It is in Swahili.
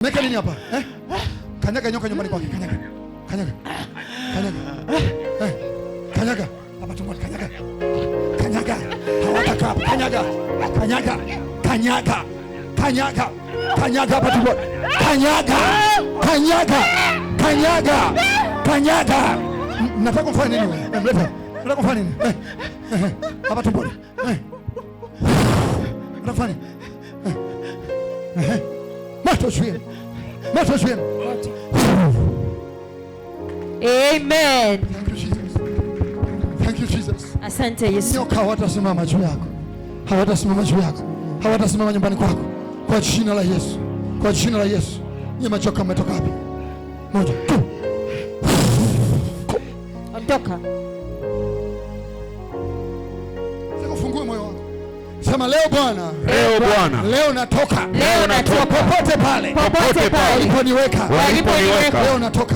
Meka nini hapa? Eh? Kanyaga nyoka nyumbani kwake. Kanyaga. Kanyaga. Kanyaga. Eh. eh kanyaga. Hapa tumwa kanyaga. Kanyaga. Hawataka hapa. Kanyaga. Kanyaga. Kanyaga. Kanyaga. Kanyaga hapa tumwa. Kanyaga. Kanyaga. Kanyaga. Kanyaga. Nataka kufanya nini wewe? Eh, Mleta. Nataka kufanya nini? Eh. Hapa eh, tumwa. Eh. Nataka kufanya. Eh. Matoswim. Matoswim. Amen. Thank you Jesus. Thank you Jesus. Asante Yesu. Nyoka hawatasimama juu yako. Hawatasimama juu yako. Hawatasimama nyumbani kwako. Kwa jina la Yesu. Kwa jina la Yesu. Nyie machoka mmetoka wapi? Moja Ondoka. Sema leo Bwana, leo Bwana, leo natoka, leo natoka popote pale, popote pale waliponiweka, waliponiweka, leo natoka